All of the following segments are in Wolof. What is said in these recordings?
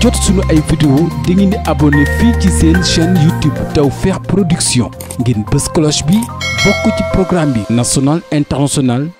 jot suñu ay vidéo da ngeen di fii ci seen chaîne YouTube Tawfekh Production ngeen bës cloche bi bokk ci programme bi national international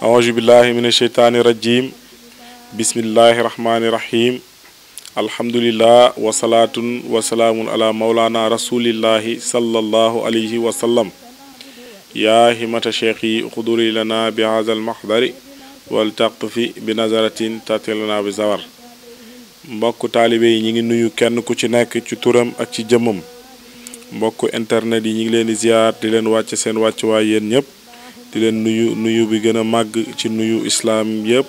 aouzu billahi min asheytaani rajim bismillahi rahmaani rahim alhamdulillah wasalaatun wasalaamun ala maulana rasulillahi sallallahu alayhi wa yaa himata cheikh xuduri lana bi haza almahdari waltaqfi bi nazaratin tatilana bi zawar mbokk taalibe yi ñu ngi nuyu kenn ku ci nekk ci turam ak ci jëmmam mbokk internet yi ñu ngi leen di ziar di leen wàcc seen wàccuwaay yéen ñëpp di leen nuyu nuyu bi gën a màgg ci nuyu islaam yëpp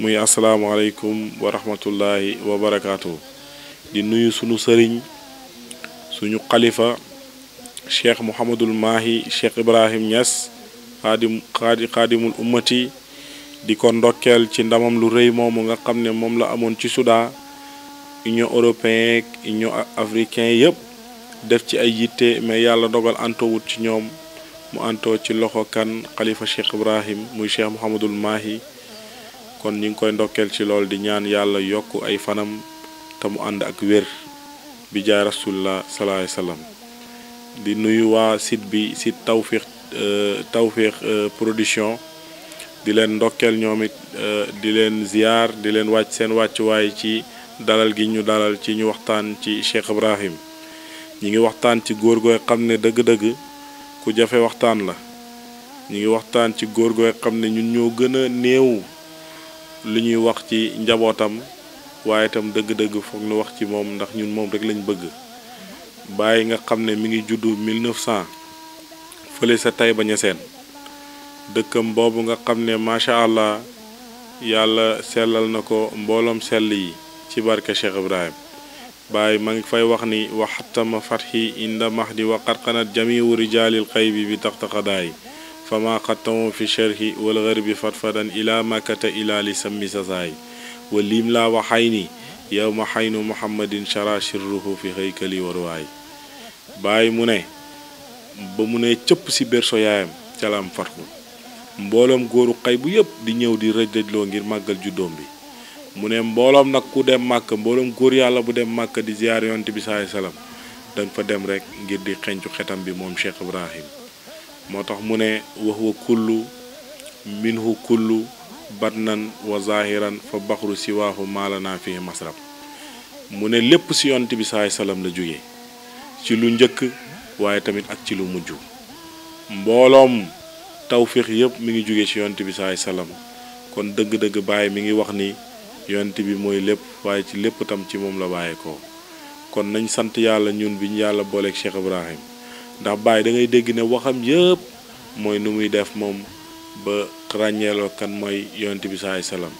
muy asalaamualeykum wa rahmatullahi wa barakaatu. di nuyu sunu sëriñ suñu xalifa cheikh Mouhamadul Mahi cheikh Ibrahim Niass xaadim xaadi xaadimul ummati di ko ndokkeel ci ndamam lu rëy moomu nga xam ne moom la amoon ci sudaa union européen union africain yëpp def ci ay yitte mais yàlla dogal antowut ci ñoom mu anto ci loxo kan xalifa Cheikh Ibrahim muy Cheikh Mouhamadul Mahi kon ñu ngi koy ndokkeel ci lool di ñaan yàlla yokk ay fanam te mu ànd ak wér bi jaay rasulullah salaay di nuyu waa site bi site Tawfekh euh, Tawfekh euh, production di leen ndokkeel ñoom it euh, di leen ziar di leen wàcc seen wàccuwaay ci dalal gi ñu dalal ci ñu waxtaan ci Cheikh Ibrahim ñi ngi waxtaan ci góor gooy xam ne dëgg-dëgg ku jafe waxtaan la ñi ngi waxtaan ci góor gooy xam ne ñun ñoo gën a néew li ñuy wax ci njabootam waaye itam dëgg-dëgg foog ñu wax ci moom ndax ñun moom rek lañu bëgg bàyyi nga xam ne mi ngi juddu 1900 fële sa Taïba Niassène dëkkam boobu nga xam ne macha allah yàlla selal na ko mbooloom sell yi ci barke Cheikh Ibrahim Baay ma ngi fay wax ni waxtama fatxi inda mahdi wa qarqanat jamiu rijalil xaybi bi taxtaxadaay fama xattamu fi sharhi wal garbi fatfadan ila makkata ila li sammi wa liim laa wa xayni yow ma xaynu muhammadin shara shirruhu fi xëykali waruwaay Baay mu ne ba mu ne cëpp ci berso yaayam calaam fatxu mbooloom góoru xay bu yépp di ñëw di rëj rëjloo ngir màggal juddoom bi mu ne mbooloom nag ku dem màkk mbooloom góor yàlla bu dem màkk di ziyaar yonent bi saay salaam dañ fa dem rek ngir di xencu xetam bi moom Cheikh Ibrahim moo tax mu ne wax wa kullu minhu kullu batnan wa zahiran fa baxru siwaahu maalanaa fi masrab mu ne lépp ci yonent bi saay salaam la jóge ci lu njëkk waaye tamit ak ci lu mujj mbooloom tawféex yépp mu ngi jóge ci yonent bi saay salaam kon dëgg-dëgg Baay mi ngi wax ni yonent bi mooy lépp waaye ci lépp tam ci moom la bàyyeekoo kon nañ sant yàlla ñun bi ñu yàlla booleeg Cheikh Ibrahim ndax Baye da ngay dégg ne waxam yëpp mooy nu muy def moom ba ràññeeloo kan mooy yonent bi saay salaam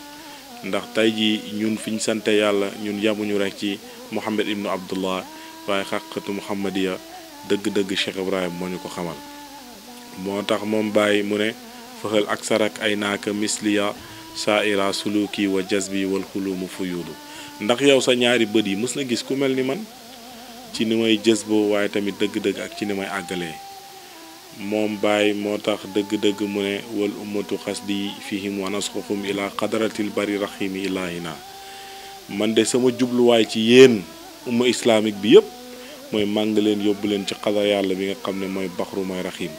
ndax tey jii ñun fi ñu sante yàlla ñun yamuñu rekk ci Mouhamed ibnu Abdullah waaye xaqatu Muhammadiya dëgg-dëgg Cheikh Ibrahim moo ñu ko xamal moo tax moom Baye mu ne fëxal ak sarak ay naaka misliya saa ira suluki wa jazbi wal xulumu fuyuudu ndax yow sa ñaari bët yi mës na gis ku mel ni man ci ni may jës waaye tamit dëgg-dëgg ak ci ni may àggalee moom bàyyi moo tax dëgg-dëgg mu ne wal ummatu xasdi fihim wa nasxuhum ila qadratil bari rahimi naa man de sama jubluwaay ci yéen umma islamique bi yépp mooy màng leen yóbbu leen ci xadar yàlla bi nga xam ne mooy baxru mooy rahim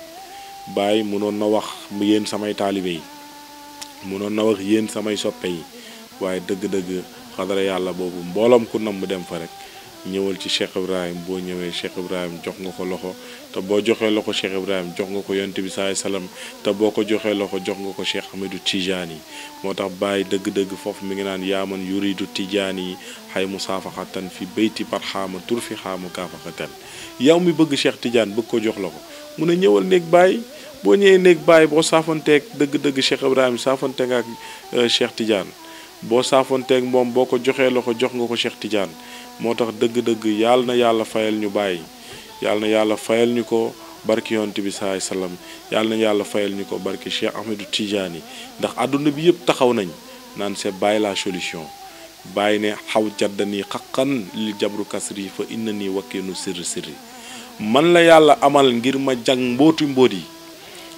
Baay mënoon na wax mu yéen samay taalibe yi mënoon na wax yéen samay soppe yi waaye dëgg-dëgg xadara yàlla boobu mbooloom ku nam mu dem fa rek ñëwal ci Cheikh Ibrahim boo ñëwee Cheikh Ibrahim jox nga ko loxo te boo joxee loxo Cheikh Ibrahim jox nga ko yonent bi saay te boo ko joxee loxo jox nga ko Cheikh Ahmadou Tidiane yi moo tax bàyyi dëgg-dëgg foofu mu ngi naan yaaman yuridu Tidiane yi xay mu saafaxatan fi bayti par xaama tur fi xaama kaafaxatan yow mi bëgg Cheikh Tidiane bëgg ko jox loxo mu ne ñëwal néeg bàyyi boo ñëwee néeg bàyyi boo saafanteeg dëgg-dëgg Cheikh Ibrahima saafante ak euh, Cheikh Tidiane boo saafanteeg moom boo ko joxee loxo jox nga ko Cheikh Tidiane moo tax dëgg-dëgg yàlla na yàlla fayal ñu bàyyi yàlla na yàlla fayal ñu ko barki yonent bi saay salaam yàlla fayal ñu ko barki Cheikh Ahmedou Tidiane yi ndax àdduna bi yëpp taxaw nañ naan c'est bàyyi la solution bàyyi ne xaw jaddani xaqan li jabru kasri fa inna ni wakkeenu sirri sirri man la yàlla amal ngir ma jàng mbooti mboot yi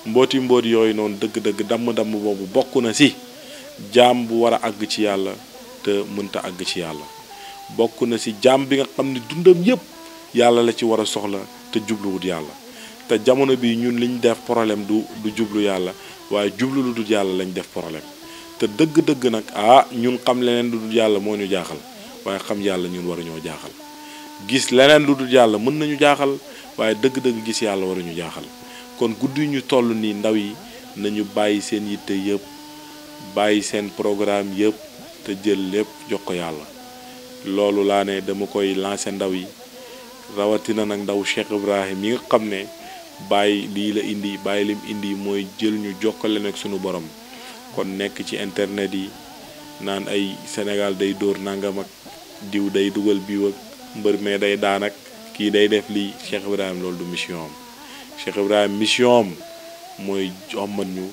mbooti mboot yooyu noonu dëgg-dëgg damm-damm boobu bokk na si jaam bu war a àgg ci yàlla te mënta àgg ci yàlla bokk na si jaam bi nga xam ne dundam yépp yàlla la ci war a soxla te jubluwut yàlla te jamono bi ñun liñ def problème du du jublu yàlla waaye jublu lu dul yàlla lañ def problème te dëgg-dëgg nag ah ñun xam leneen lu dul yàlla moo ñu jaaxal waaye xam yàlla ñun waruñoo jaaxal gis leneen lu dul yàlla mën nañu jaaxal waaye dëgg-dëgg gis yàlla waruñu jaaxal kon guddi ñu toll nii ndaw yi nañu bàyyi seen yitte yëpp bàyyi seen programme yëpp te jël lépp jox ko yàlla loolu laa ne dama koy lancé ndaw yi rawatina nag ndaw Cheikh Ibrahim yi nga xam ne bàyyi lii la indi bàyyi lim indi mooy jël ñu jokkale nag sunu borom kon nekk ci internet yi naan ay Sénégal day dóor nangam ak diw day dugal biiw ak mbër mee day daan ak kii day def lii Cheikh Ibrahim loolu du mission Cheikh Ibrahima mission am mooy jommat ñu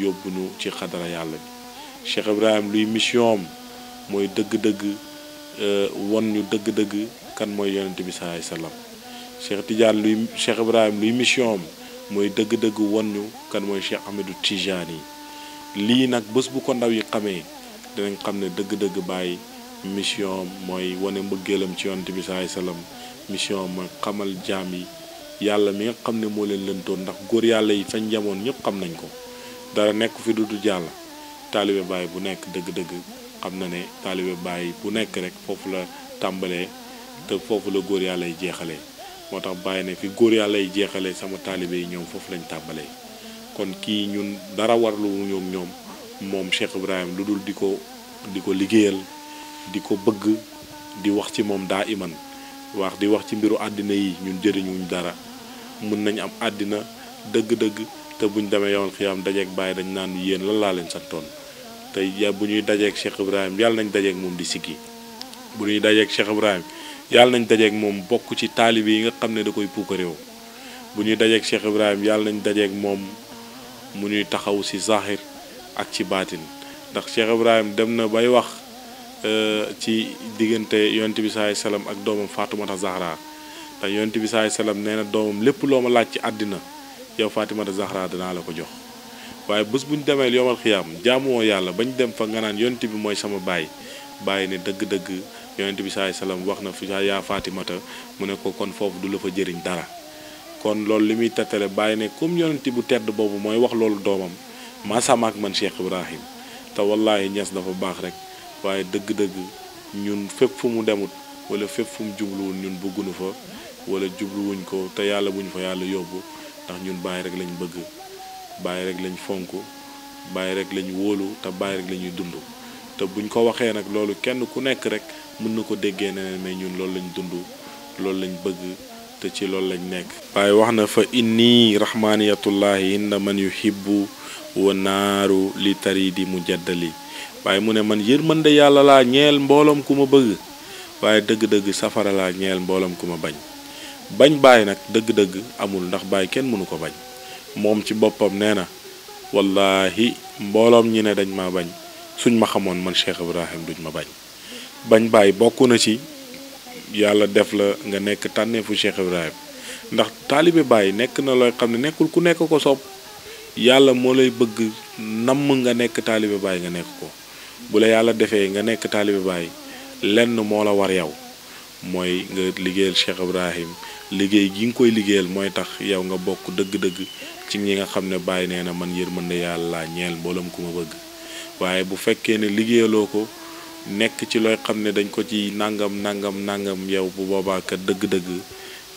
yóbbu ñu ci xadara yàlla bi Cheikh Ibrahima luy mission am mooy dëgg-dëgg euh, won ñu dëgg-dëgg kan mooy yonent bi salaay salaam Cheikh Tidiane luy Cheikh Ibrahima luy mission am mooy dëgg-dëgg won ñu kan mooy Cheikh Ahmadou Tidiane yi lii nag bés bu ko ndaw yi xamee danañ xam ne dëgg-dëgg bàyyi mission mooy wane mbëggeelam ci yonent bi salaay salaam mission mooy xamal jaam yi yàlla mi nga xam ne moo leen lëntoon ndax góor yàlla yi fañ jamoon ñëpp xam nañ ko dara nekk fi du dul yàlla taalibe baay bu nekk dëgg-dëgg xam na ne taalibe bàyyi bu nekk rek foofu la tàmbalee te foofu la góor yàlla yi jeexalee moo tax bàyyi ne fi góor yàlla yi jeexalee sama taalibe yi ñoom foofu lañu tàmbalee kon kii ñun dara warlu ñoom ñoom moom Cheikh Ibrahima lu dul di ko di ko liggéeyal di ko bëgg di wax ci moom daa iman wax di wax ci mbiru àddina yi ñun jëriñuñ dara mun nañ am àddina dëgg-dëgg te buñ demee yoon xiyaam dajeeg bàyyi dañ naan yéen lan laa leen santoon te ya bu ñuy dajeeg Cheikh Ibrahim yàlla nañ dajeeg moom di siggi bu ñuy dajeeg Cheikh Ibrahim yàlla nañ dajeeg moom bokk ci taalibe yi nga xam ne da koy puukaréew bu ñuy dajeeg Cheikh Ibrahim yàlla nañ dajeeg moom mu ñuy taxaw ci zahir ak ci baatin ndax Cheikh Ibrahim dem na bay wax euh, ci diggante yonent bi saay salaam ak doomam Faatumata Zahra ndax yonent bi saay salaam nee na doomam lépp loo ma laaj ci àddina yow Fatimata Zahra danaa la ko jox waaye bés bu ñu demee yomal xiyaam jaamuwoo yàlla bañ dem fa nga naan yonent bi mooy sama baay bàyyi ne dëgg-dëgg yonent bi saay salaam wax na fi yaa faatimata mu ne ko kon foofu du la fa jëriñ dara kon loolu li muy tettale bàyyi ne comme yonent bu tedd boobu mooy wax loolu doomam maa sama ak man Cheikh Ibrahim te wallaahi ñes dafa baax rek waaye dëgg-dëgg fépp fu mu demut wala fépp fum jubluwul ñun bëgguñu fa wala jubluwuñ ko te yàlla buñ fa yàlla yóbbu ndax ñun bàyyi rek lañ bëgg bàyyi rek lañ fonk bàyyi rek lañu wóolu te bàyyi rek la ñuy dund te buñ ko waxee nag loolu kenn ku nekk rek mën na ko déggee neneen mais ñun loolu lañ dund loolu lañ bëgg te ci loolu lañu nekk waaye wax na fa inni rahmaniyatullahi inna man yuhibbu wa naaru li di mu jaddali waaye mu ne man yërmande yàlla laa ñeel mbooloom ku ma bëgg waaye dëgg-dëgg safara laa ñeel mbooloom ku ma bañ bañ baay nag dëgg-dëgg amul ndax baay kenn mënu ko bañ moom ci boppam nee na wallaahi mbooloom ñi ne dañ ma bañ suñ ma xamoon man Cheikh Ibrahim duñ ma bañ bañ baay bokk na ci yàlla def la nga nekk tànneefu Cheikh Ibrahim ndax taalibe baay nekk na looy xam ne nekkul ku nekk ko sopp yàlla moo lay bëgg namm nga nekk taalibe baay nga nekk ko bu la yàlla defee nga nekk taalibe baay lenn moo la war yow mooy nga liggéeyal Cheikh Ibrahim liggéey gi nga koy liggéeyal mooy tax yow nga bokk dëgg-dëgg ci ñi nga xam ne bàyyi nee na man yërmande yàlla ñeel mbooloom ku ma bëgg waaye bu fekkee ne liggéeyaloo ko nekk ci looy xam ne dañ ko ci nangam nangam nangam yow bu boobaa kat dëgg-dëgg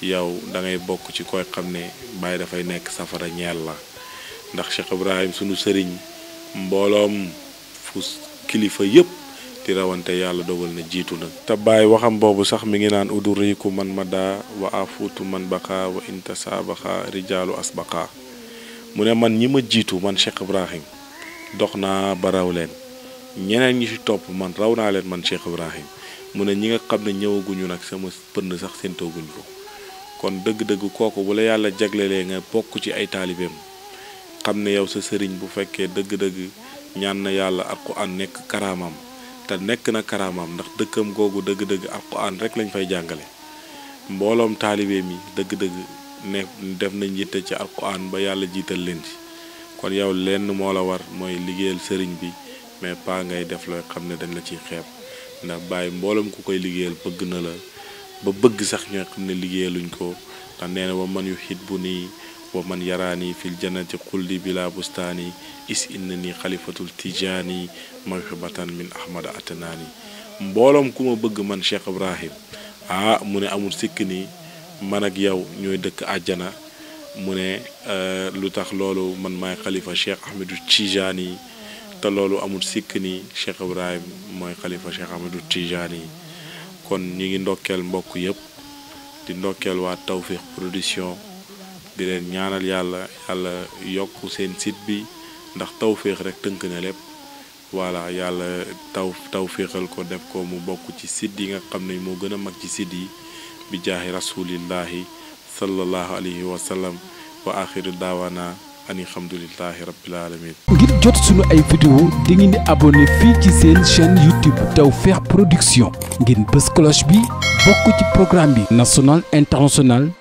yow da bokk ci koy xam ne bàyyi dafay nekk safara ñeel la ndax Cheikh Ibrahim sunu sëriñ mbooloom fu kilifa yépp di rawante yàlla dogal na jiitu nag te bàyyi waxam boobu sax mi ngi naan uduriku man mada wa afuutu man baqa wa inta saabaqa rijaalu asbaqa mu ne man ñi ma jiitu man Cheikh Ibrahim dox naa ba raw leen ñeneen ñi ci topp man raw naa leen man Cheikh Ibrahim mu ne ñi nga xam ne ñëwaguñu nag sama pënd sax séentooguñ ko kon dëgg-dëgg kooku bu la yàlla jaglelee nga bokk ci ay taalibeem xam ne yow sa sëriñ bu fekkee dëgg-dëgg ñaan na yàlla alxuraan nekk karaamam te nekk na karaamaam ndax dëkkam googu dëgg-dëgg alquran rek lañ fay jàngale mbooloom taalibe mi dëgg-dëgg ne def nañ yitte ci alquran ba yàlla jiital leen ci kon yow lenn moo la war mooy liggéeyal sëriñ bi mais paa ngay def la xam ne dañ la ciy xeeb ndax bàyyi mbooloom ku koy liggéeyal bëgg na la ba bëgg sax ñoo xam ne liggéeyaluñ ko ndax nee na ba man yu xit bu nii wa man yaraani fil jannati xuldi bila bustaani is ni xalifatul tijaani mawhibatan min ahmad atanaani mbooloom ku ma bëgg man Cheikh Ibrahim ah mu ne amul sikk ni man ak yow ñooy dëkk àjjana mu ne eh, lu tax loolu man maay xalifa Cheikh Ahmadu Tijaani te loolu amul sikk ni Cheikh Ibrahim mooy xalifa Cheikh Ahmadu Tijaani kon ñu ngi ndokkeel mbokk yépp di ndokkeel waa Tawfekh Production di leen ñaanal yàlla yàlla yokk seen site bi ndax tawféex rek tënk na lépp voilà yàlla taw tawféexal ko def ko mu bokk ci site yi nga xam ne moo gën a mag ci site yi bi jaahi rasulillahi sallallahu alayhi wa sallam wa axiru daawana ani alhamdulillahi rabbil alamin ngir jot sunu ay vidéo di ngeen di fii ci seen chaîne YouTube Tawfekh Production ngeen bës cloche bi bokk ci programme bi national international